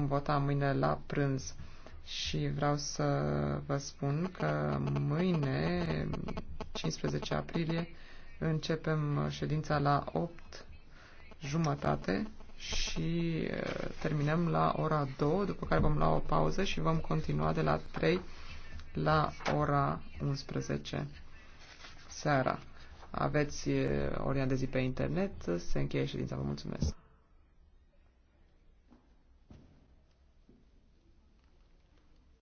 vom vota mâine la prânz. Și vreau să vă spun că mâine, 15 aprilie, începem ședința la 8 jumătate și uh, terminăm la ora 2, după care vom lua o pauză și vom continua de la 3 la ora 11 seara. Aveți uh, ori de zi pe internet, se încheie ședința. Vă mulțumesc!